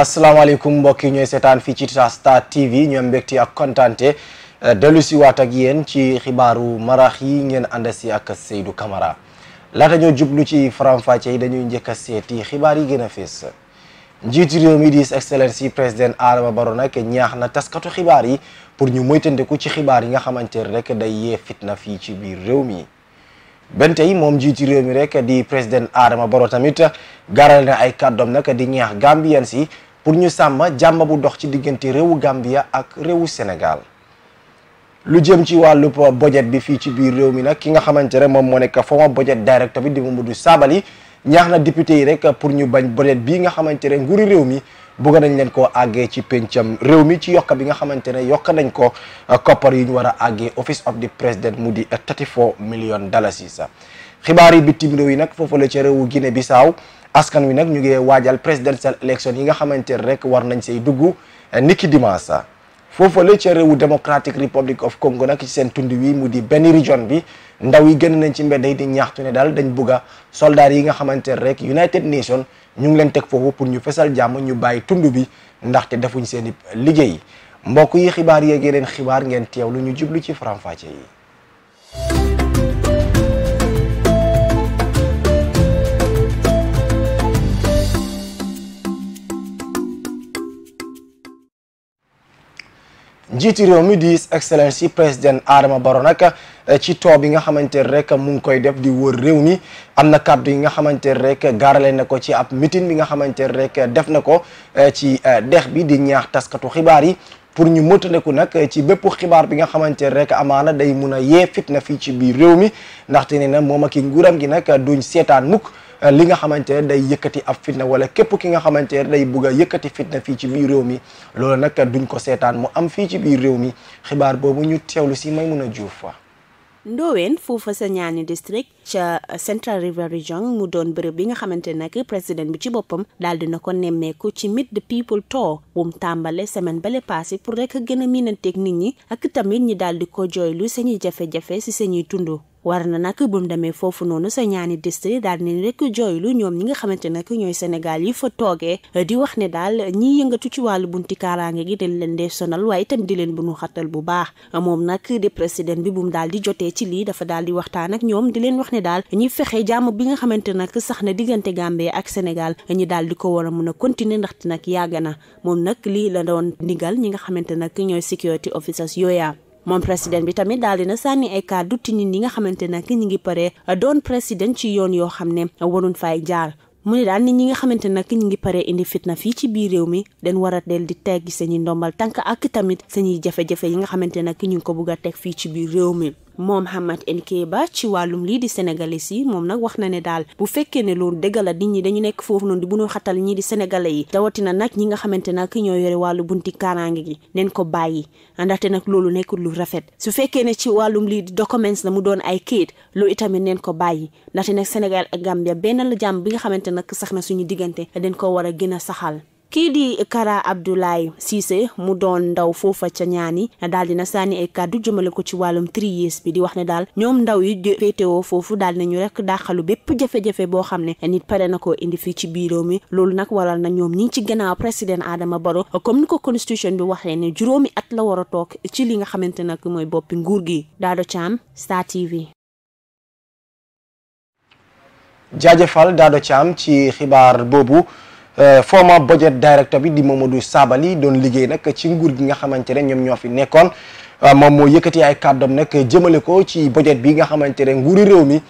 asalaamaaleykum mbokk yi ñooy seetaan fii ci Star TV ñu am mbégte ak kontante euh, dellu si ak yéen ci xibaaru marax yi ngeen ànd si ak Seydou Camara laata ñoo jublu ci faram-fàcce yi dañuy njëkk seeti xibaar yi gën fees njiitu réew mi di excellence yi président Adama Barrow nag ñaax na taskatu xibaar yi pour ñu moytandiku ci xibaar yi nga xamante ne rek day yee fitna fii ci biir réew mi. benn tey moom jiitu réew mi rek di président Adama Barrow tamit garal ay kàddoom nag di ñaax Gambians yi pour ñu sàmm jàmm bu dox ci diggante réewu Gambia ak réewu senegal lu jëm ci wàllu budget bi fii ci biir réew mi nag ki nga xamante ne moom moo nekk former budget directeur bi di moom du Sabally ñaax na député yi rek pour ñu bañ budget bi nga xamante ne nguuri réew mi bëgg nañ leen ko àggee ci pencam réew mi ci yokk bi nga xamante ne yokk nañ ko uh, koppar yi ñu war a àggee office of the president mu di 34 million dalasi sa xibaar yi bitim réew nag foofu la ca réewu Guinée Bissau askan wi nag ñu ngi waajal presidential election yi nga xamante rek war nañ say dugg eh, niki dimanche foofale ca réewu Democratic Republic of Congo nag ci seen tund wi mu di benn région bi ndaw yi génn nañ ci mbedd yi di ñaxtu ne daal dañ bugg a soldats yi nga xamante rek United Nations ñu ngi leen teg foofu pour ñu fesal jàmm ñu bàyyi tund bi ndaxte defuñ seen i liggéey mbokk yi xibaar yeeg yeneen xibaar ngeen teew lu ñu jublu ci faram yi. njiiti réew mi di excellence yi président Adama Barrow nag eh, ci too bi nga xamante rek mu ngi koy def di wër réew mi am na kàddu yi nga xamante rek gaarale na ko ci ab meeting bi nga xamante rek def na ko eh, ci eh, dex bi di ñaax taskatu xibaar yi pour ñu ku nag ci bépp xibaar bi nga xamante rek amaana day mun a yee fitna fii ci biir réew mi ndaxte ne na moom ak i nguuram gi nag duñ seetaan mukk li nga xamante ne day yëkkati ab fitna wala képp ki nga xamante ne day bugg a yëkkati fitna fii ci biir réew mi loolu nag duñ ko seetaan mu am fii ci biir réew mi xibaar boobu ñu teewlu si Maimouna Diouf fa Ndowen foofa sa ñaani district ca Central River Region mu doon bërëb bi nga xamante nag président bi ci boppam daal dina ko nemmeeku ci Meet the People Tour wum tàmbale semaine bale passé pour rekk gën a miinanteeg nit ñi ak tamit ñi daal di ko jooylu seeni jafe-jafe si seeni tundu war na nag bu mu demee foofu noonu sa ñaani district daal di rek jooylu ñoom ñi nga xamante nag ñooy Sénégal yi fa toogee di wax ne daal ñiy yëngatu ci wàllu bunti kaaraange gi dañ leen dee sonal waaye itam di leen bu ñu xatal bu moom nag di bi bu daal di jotee ci lii dafa daal di waxtaan ak ñoom di leen wax ne daal ñi fexe jàmm bi nga xamante nag sax na diggante Gambie ak Sénégal ñi daal di ko war a mun a continuer ndaxte nag yàgg na moom nag lii la doon ndigal ñi nga xamante nag ñooy security officers yooya moom président bi tamit daal dina sànni ay kàddu ci nit ñi nga xamante nag ñi ngi pare uh, doon président ci yoon yoo xam ne uh, waruñ fay jaar mu ne daal nit ñi nga xamante nag ñi ngi paree indi fitna fii ci biir réew mi den war a del di teggi seeni ndombal tànk ak tamit seeni jafe-jafe yi nga xamante nag ñu ngi ko bugg a teg fii ci biir réew mi moom Mohamed Nkéba ci wàllum lii di sénégalais yi moom nag wax na ne daal bu fekkee ne loolu dëgg la nit ñi dañu nekk foofu noon di bu ñu xatal ñii di sénégalais yi rawatina nag ñi nga xamante nag ñoo yore wàllu bunti kaaraange gi neen ko bàyyi ndaxte nag loolu nekkul lu rafet su fekkee ne ci wàllum lii di documents la mu doon ay kayit loolu itamit neen ko bàyyi ndaxte nag Sénégal ak Gambia benn la jàmm bi nga xamante nag sax na suñu diggante dañ ko war a gën a saxal kii di Kara Abdoulaye Cissé mu doon ndaw foofa ca ñaani daal dina sànni ay kàddu jëmale ko ci wàllum triyees bi di wax ne daal ñoom ndaw yi féetewoo foofu daal nañu rekk dàqalu bépp jafe-jafe boo xam ne nit pare na koo indi fii ci biir mi loolu nag waral na ñoom ñi ci gannaaw président Adama Barrow comme ni ko constitution bi waxee ne juróomi at la war a toog ci li nga xamante nag mooy boppi nguur gi daado Thiam Star TV. jaajëfal Dado Thiam ci Euh, former budget director bi di du Sabali doon liggéey nag ci nguur gi nga xamante ne ñoom ñoo fi nekkoon euh, moom moo yëkkati ay kàddoom nag jëmale ko ci budget bi nga xamante ne nguuri réew mi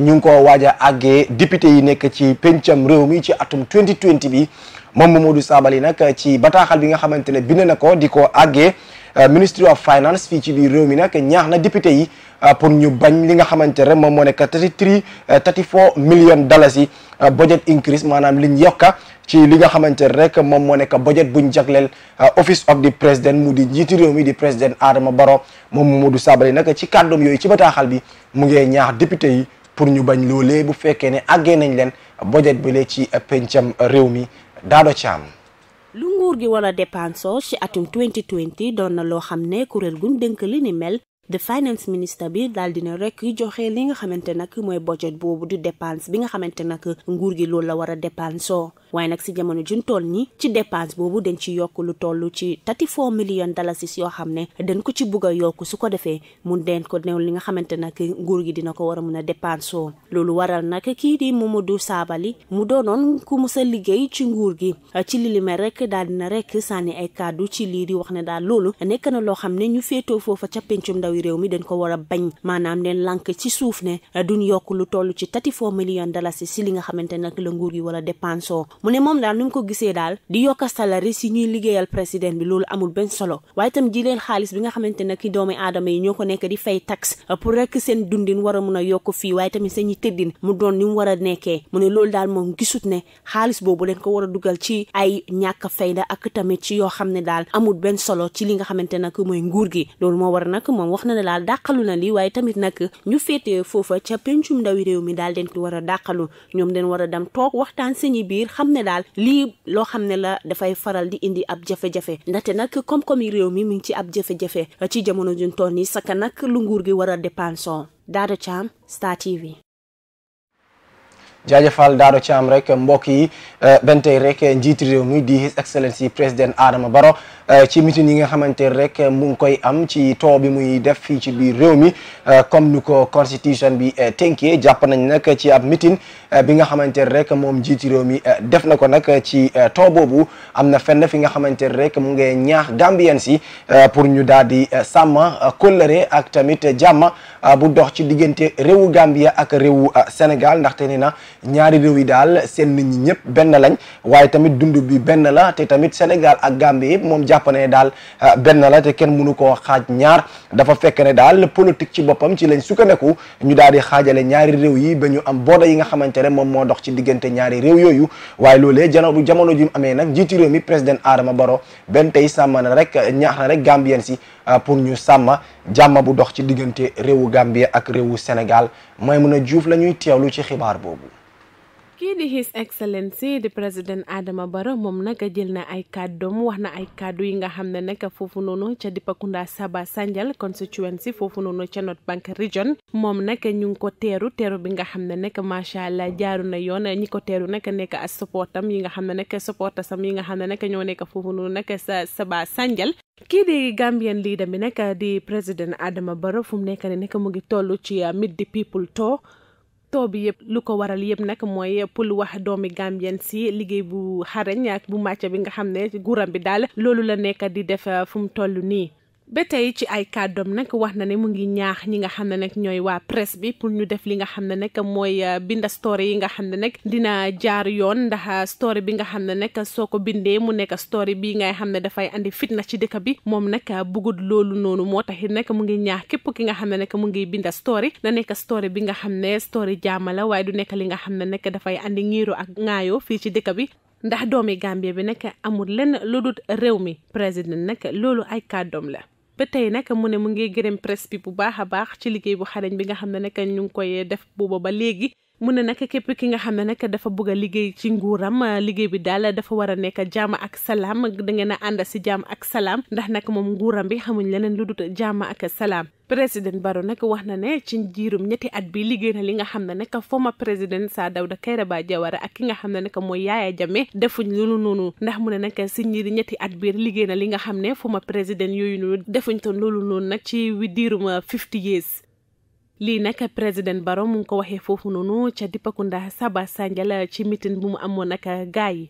ñu ngi ko waaj a àggee député yi nekk ci pencam réew mi ci atum 2020 bi moom du Sabali nag ci bataaxal bi nga xamante ne bind na ko di ko àggee euh, ministry of finance fii ci biir réew mi nag ñaax na député yi Euh, pour ñu bañ li nga xamante ne moom moo nekk 33 34 millions dollars yi euh, budget increase maanaam liñ yokka ci li nga xamante rek moom moo nekk budget buñ jagleel euh, office of the president mu di njiitu réew mi di président Adama Barrow moom Momodou Sabally nag ci kàddoom yooyu ci bataaxal bi mu ngee ñaax député yi pour ñu bañ loolee bu fekkee ne àggee nañ leen budget bi lee ci pencam réew mi daado caam lu nguur gi wala dépensoo ci atum 2020 li ni mel the finance minister bi daal dina rek joxe li nga xamante nag mooy budget boobu di dépense bi nga xamante nag nguur gi loolu la war a dépensoo waaye nag si jamono juñ toll ni ci dépense boobu dañ ci yokk lu toll ci 34 millions dalasis yoo xam ne dañ ko ci bugg a yokk su ko defee mun den ko new li nga xamante nag nguur gi dina ko war a mun a dépense loolu waral nag kii di Mamadou Sabally mu doonoon ku mu sa liggéey ci nguur gi ci li rek daal dina rek sànni ay kàddu ci lii di wax ne daal loolu nekk na loo xam ne ñu féetoo foofa ca pencum ndawi réew mi dañ ko war a bañ maanaam leen lànk ci suuf ne duñ yokk lu toll ci 34 millions dalasis si li nga xamante nag la nguur gi wala dépense mu ne moom daal nu mu ko gisee daal di yokk salaire si ñuy liggéeyal président bi loolu amul benn solo waaye leen xaalis bi nga xamante ne ki doomi aadama yi ñoo ko nekk di fay taxe pour rek seen dundin war a mun a yokk fii waaye tamit seen ñi tëddin mu doon ni mu war a nekkee mu ne loolu daal moom gisut ne xaalis boobu leen ko war dugal ci ay ñàkk fayda ak tamit ci yoo xam ne daal amul benn solo ci li nga xamante nag mooy nguur gi loolu moo war nag moom wax na ne daal dàqalu na lii waaye tamit nag ñu féetee foofa ca pencum ndawi réew mi daal den ko war a dàqalu ñoom den war a dem toog biir xam ne daal lii loo xam ne la dafay faral di indi ab jafe-jafe nag koom réew mi mi ngi ci ab jafe-jafe ci jamono juñ toll nii nag lu nguur gi war a dépensé Daada Thiam Star TV. jaajëfal daado ci am rek mbokk yi eh, benn tey rek njiiti réew mi di his excellence yi président Adama Barrow eh, ci mitin yi nga xamante rek mu ngi koy am ci too bi muy def fii ci biir réew mi eh, comme ni ko constitution bi tënkee jàpp nañ nag ci ab mitin bi nga xamante ne rek moom njiiti réew mi eh, def na ko nag eh, ci eh, ton boobu am na fenn fi nga xamante ne rek mu ngi ñaax Gambien si pour ñu daal di sàmm kóllëre ak tamit jàmm bu dox ci diggante réewu Gambia ak réewu Sénégal ndaxte ni na ñaari réew yi daal seen nit ñi ñëpp benn lañ waaye tamit dund bi benn la te tamit Sénégal ak Gambie yëpp moom jàpp ne daal benn la te kenn mënu koo xaaj ñaar dafa fekke ne daal politique ci boppam ci lañ sukkandiku ñu daal di xaajale ñaari réew yi ñu am booda ne moom moo dox ci diggante ñaari réew yooyu waaye loolee jamono jamono ju amee nag njiitu réew mi président Adama Barrow benn tey sàmmana rek ñaax rek Gambien si ah, pour ñu sàmma jàmm bu dox ci diggante réewu Gambie ak réewu Sénégal mooy mun a juuf la ñuy teewlu ci xibaar boobu. kii di His Excellency di président Adama Barrow moom nag jël na ay kàddoom wax na ay kàddu yi nga xam ne nag foofu noonu ca Dipakunda Saba Sanjal constituency foofu noonu ca North Bank Region moom nag ñu ngi ko teeru teeru bi nga xam ne nag macha allah jaaru na yoon ñi ko teeru nag nekk as supportam yi nga xam ne nag supportasam yi nga xam ne nag ñoo nekk foofu noonu nag sa Saba Sanjal kii di Gambian leader bi nag di président Adama Barrow fu mu nekk ne nag mu ngi toll ci uh, mid the people too taw bi yëpp lu ko waral yëpp nag mooy pour wax doomi Gambien si liggéey bu xarañ ak bu màcc bi nga xam ne guuram bi daal loolu la nekk di def fu mu toll nii. ba tey ci ay kàddoom nag wax na ne mu ngi ñaax ñi nga xam ne nag ñooy waa presse bi pour ñu def li nga xam ne nag mooy euh, binda story yi nga xam ne nag dina jaar yoon ndax euh, story bi nga xam ne nag soo ko bindee mu nekk story bi ngay xam ne dafay andi fitna ci dëkk bi moom nag euh, bëggut loolu noonu moo taxit nag mu ngi ñaax képp ki nga xam ne nag mu ngi binda story na nekk story bi nga xam ne story jaama la waaye du nekk li nga xam ne nag dafay andi ngiiro ak ŋaayoo fii ci dëkk bi ndax doomi Gambie bi nag amul lenn lu dul réew mi président nag loolu ay kàddoom la ba tey nag mu ne mu ngi gërëm presse bi bu baax a baax ci liggéey bu xarañ bi nga xam ne nag ñu ngi koy def booba ba léegi mu ne nag képp ki nga xam ne nag dafa bëgg a liggéey ci nguuram euh, liggéey bi daal dafa war a nekk jàmm ak salaam da ngeen a ànd si jàmm ak salaam ndax nag moom nguuram bi xamuñ leneen lu dut jàmm ak salaam. président baro nag wax na ne ci jiirum ñetti at bi liggéey na li nga xam ne nag former président Sir Dawda Kairaba Jawara ak ki nga xam ne nag mooy Yaya Jammeh defuñ loolu noonu ndax mu ne nag si njiiri ñetti at biir liggéey na li nga xam ne former président yooyu noonu defuñ toon loolu noonu nag ci diirum 50 euh, years. lii nag président Barrow mu ko waxee foofu noonu ca Dipakunda Saba Sanjala ci mitin bu mu amoon ak gaa yi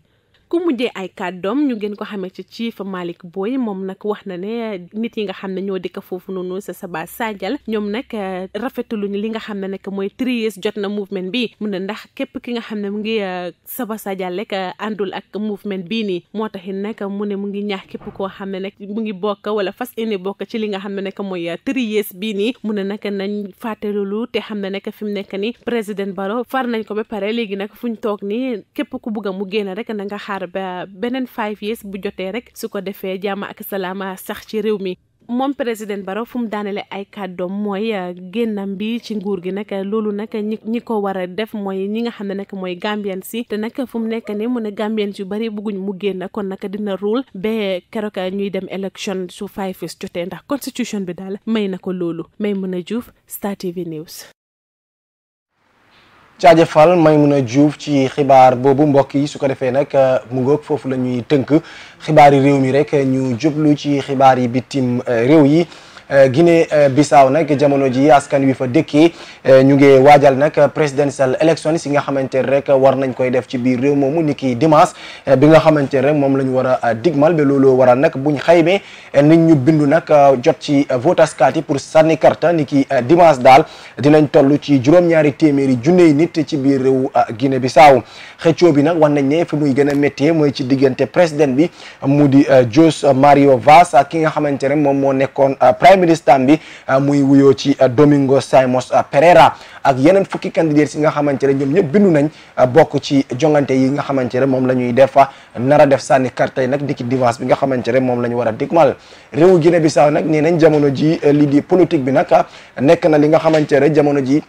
ku mujjee ay doom ñu ngeen ko xamee ci Chief Malick booy moom nag wax na ne nit yi nga xam ne ñoo dëkk foofu noonu sa Saba Sadial ñoom nag euh, rafetuluñu li nga xam ne nag mooy tries jot na mouvement bi mu ne ndax képp ki nga xam ne mu ngi euh, Saba Sadial rek euh, àndul ak mouvement bii nii moo taxit nag mu ne mu ngi ñaax képp koo xam ne nag mu ngi bokk wala fas yéene bokk ci li nga xam ne nag mooy tries bii nii mu ne nag nañ fàtte loolu te xam ne nag fi mu nekk ni président Barrow far nañ ko ba pare léegi nag fu ñu toog nii képp ku bugg a mu génn rek na nga xaar xaar ba beneen five years bu jotee rek su ko defee jàmm ak salaama sax ci réew mi moom président Barrow fu mu daanele ay kàddoom mooy euh, génnam bi ci nguur gi nag loolu nag ñi ko war a def mooy ñi nga xam ne nag mooy Gambien si te nag fu mu nekk ni mu ne Gambien yu bëri bëgguñ mu génn kon nag dina ruul ba keroog ñuy dem élection su five years jotee ndax constitution bi daal may na ko loolu Maimouna Diouf Star TV News. jaajëfal a Diouf ci xibaar boobu mbokk yi su ko defee nag euh, mu ngoog foofu la ñuy tënk xibaar yi réew mi rek ñu jublu ci xibaar yi bitim euh, réew yi Euh, Guinée Bissau nag jamono ji askan wi fa dëkkee euh, ñu ngi waajal nag presidential election si nga xamante rek war nañ koy def ci biir réew moomu ni ki dimanche euh, bi nga xamante rek moom la ñu war a digmal ba looloo waral nag buñ xaymee nit ñu bindu nag jot ci voters card yi pour sànni karta ni ki dimanche daal dinañ toll ci juróom-ñaari téeméeri junney nit ci biir réew Guinée Bissau xëccoo bi nag wan nañ ne fi muy gën a méttee mooy ci diggante président bi mu di José Mario ki nga xamante moo nekkoon listam bi ah, muy wuyoo ci ah, Domingo Simons ah, Pereira ak yeneen fukki candidates yi nga xamante ne ñoom ñëpp bindu nañ bokk ci jongante yi nga xamante ne moom la ñuy def nar a def sànni carte yi nag dikki dimanche bi nga xamante ne moom la ñu war a dikmal réewu Guinée Bissau nag nee jamono ji eh, lii di politique bi nag nekk na li nga xamante ne jamono ji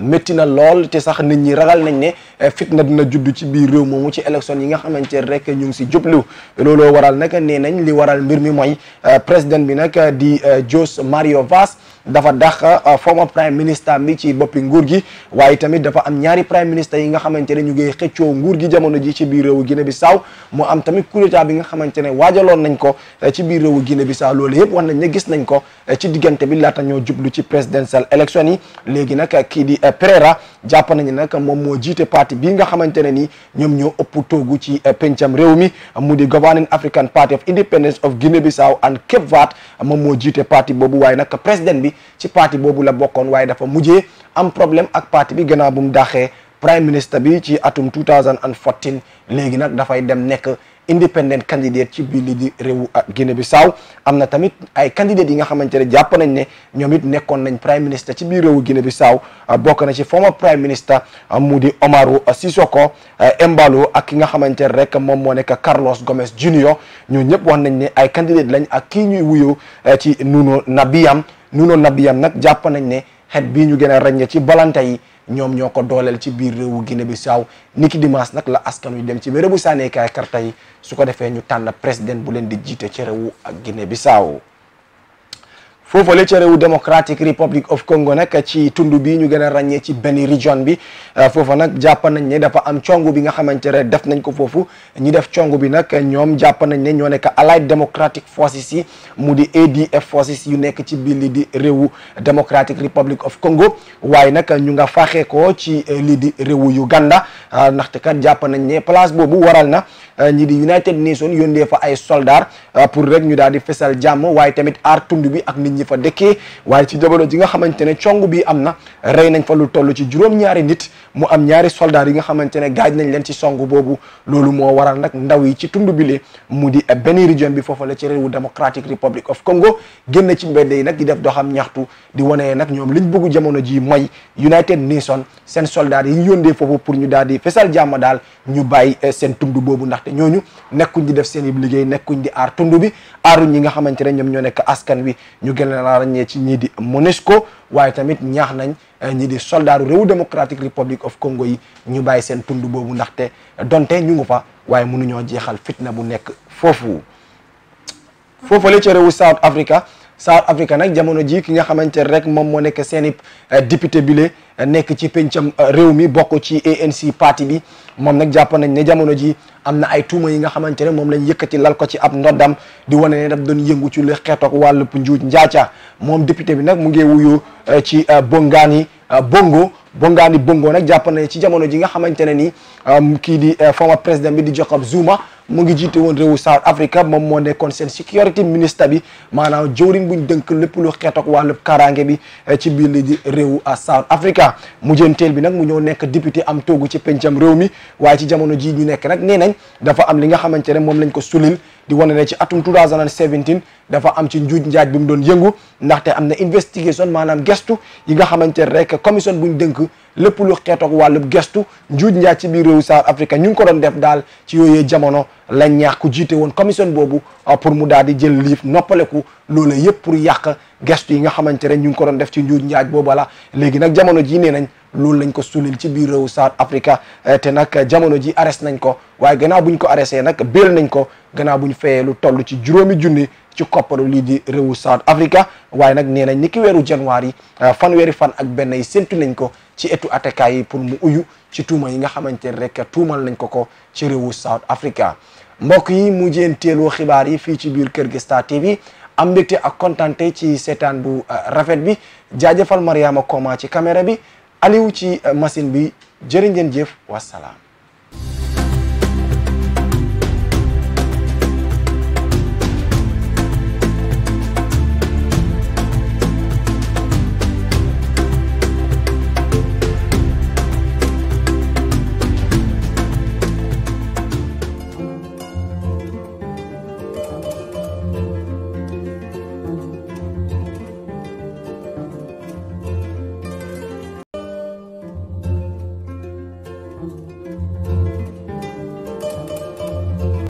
métti na lool te sax nit ñi ragal nañ ne fit eh, fitna dina judd ci biir réew moomu ci élection yi nga xamante rek ñu ngi si jublu looloo waral nag nee nañ li waral mbir mi mooy eh, président bi nag di eh, José Mario Vaz dafa dax euh, former prime minister bi ci boppi nguur gi waaye tamit dafa am ñaari prime minister yi nga xamante ne ñu ngi xëccoo nguur gi jamono ji ci biir réewu Guinée Bissau mu am tamit coup d'état bi nga xamante ne waajaloon nañ ko euh, ci biir réewu Guinée Bissau loolu yëpp wax nañ ne gis nañ ko euh, ci diggante bi laata ñoo jublu ci presidential election yi léegi nag kii di Pereira jàpp nañu nag moom moo jiite parti bi nga xamante ne ni ñoom ñoo ëpp toogu ci pencam réew mi mu di Governing African Party of Independence of Guinea Bissau and Cape Verde moom moo jiite parti boobu waaye nag président bi ci parti boobu la bokkoon waaye dafa mujje am problème ak parti bi gannaaw bu mu daxee prime minister bi ci atum 2014 léegi nag dafay dem nekk independent candidate ci biir li di réewu bi bissau am na tamit ay candidate yi nga xamante ne jàpp nañ ne ñoom it nekkoon nañ prime minister ci biir réewu Guinée-Bissau ah, bokk na ci former prime minister ah, mu di Omarou Sissoko Embalo eh, ak ki nga xamante ne rek moom moo nekk Carlos Gomez Junior ñoo ñëpp wax nañ ne ay candidate lañ ak kii ñuy wuyu eh, ci Nuno Nabiam nuno nabiyan nag jàpp nañ ne xet bii ñu gën a ràññee ci balanta yi ñoom ñoo ko dooleel ci biir réewu Guinée Bissau niki dimanche nag la askan wi dem ci bérébu sànneekaay karta yi su ko defee ñu tànna président bu leen di jiite ci réewu ak Guinée Bissau foofale ca réewu Democratic Republic of Congo nag ci tund bi ñu gën a ràññee ci Beni region bi euh, foofa nag jàppa nañ ne dafa am congu bi nga xamante ne def nañ ko foofu ñi def congu bi nag ñoom jàpp nañ ne ñoo nekk Allied Democratic Forces yi mu di ADF forces yu nekk ci biir lii di réewu Democratic Republic of Congo waaye nag ñu nga faaxee ko ci euh, lii di réewu Uganda euh, ndaxte kat jàpp nañ ne place boobu waral na ñi di United Nations yónnee fa ay ñu daal di fesal jàmm waaye tamit aar tund bi ak nit ji fa dëkkee waaye ci jamono ji nga xamante ne cong bi am na rey nañ fa lu toll ci juróom-ñaari nit mu am ñaari soldaar yi nga xamante ne gaaj nañ leen ci song boobu loolu moo waral nag ndaw yi ci tund bile mu di benn région bi foofu la ci réewu Democratic Republic of Congo génn ci mbedd yi nag di def doxam ñaxtu di wane nag ñoom liñ bëgg jamono ji mooy United Nations seen soldat yi ñu yóndee foofu pour ñu daal di fesal jàmm daal ñu bàyyi eh, seen tund boobu ndaxte ñooñu nekkuñ di def seen i liggéey nekkuñ di aar tund bi aaruñ nga xamante ne nekk askan wi la ràññee ci ñii di MONUSCO waaye tamit ñaax nañ eh, ñii di soldaaru réewu Democratic Republic of Congo yi ñu bàyyi seen tund boobu ndaxte donte ñu ngi fa waaye mënuñoo jeexal fitna bu nekk foofu foofale ci réewu South Africa South Africa nag jamono ji ki nga xamante rek moom moo nekk seeni eh, député bile eh, nekk ci pencam eh, réew mi bokk ci ANC parti bi moom nag jàpp nañ ne jamono ji am na ay tuuma yi nga xamante ne moom lañ yëkkati lal ko ci ab ndoddam di wane ne daf doon yëngu ci lu xeetoog wàllu njuuj njaaca moom député bi nag mu ngi wuyu ci bongaan yi bongo bongaani bongo nag jàpp na ci jamono ji nga xamante ne ni kii di eh, former président bi di Jacob Zuma mu ngi jiite woon réewu South Africa moom moo nekkoon seen security minister bi maanaam jëwriñ buñ dënk lépp lu xeetook wàllu kaaraange bi eh, ci biir li di réewu eh, South Africa mu jënteel bi nag mu ñëw nekk député am toogu ci pencam réew mi waaye ci jamono ji ñu nekk nag nee nañ dafa am li nga xamante ne moom lañ ko sulil di wane ne ci atum 2017 dafa am ci njuuj njaaj bi mu doon yëngu ndaxte am na investigation maanaam gestu yi nga xamante rek commission buñ dënk lépp lu xeetoog wàllub gestu njuuj njaaj ci biir réew South Africa ñu ngi ko doon def daal ci yooyee jamono la ñaax ku jiite woon commission boobu euh, pour mu daal di jël liif noppaleku loola yëpp pour yàq gestu yi nga xamante ne ñu ngi ko doon def ci njuuj njaaj booba la léegi nag jamono jii nee nañ loolu lañ ko sulil ci biir réew South Africa euh, te nag jamono ji arrest nañ ko waaye gannaaw buñ ko arresté nag béel nañ ko gannaaw buñ fayee lu toll ci juróomi junni ci kopparu lii di réewu South Africa waaye nag nee nañ ni ki weeru janvier euh, fanweeri fan ak yi séntu nañ ko ci etu attaquant yi pour mu uyu ci tuuma yi nga xamante ne rek tuumal nañ ko ko ci réewu South Africa mbokk yi mu jéem teeloo xibaar yi fii ci biir kër gi Star TV am mbégte ak kontante ci seetaan bu euh, rafet bi jaajëfal Mariama Koma ci caméra bi Aliou ci euh, machine bi jërë ngeen jëf wasalaam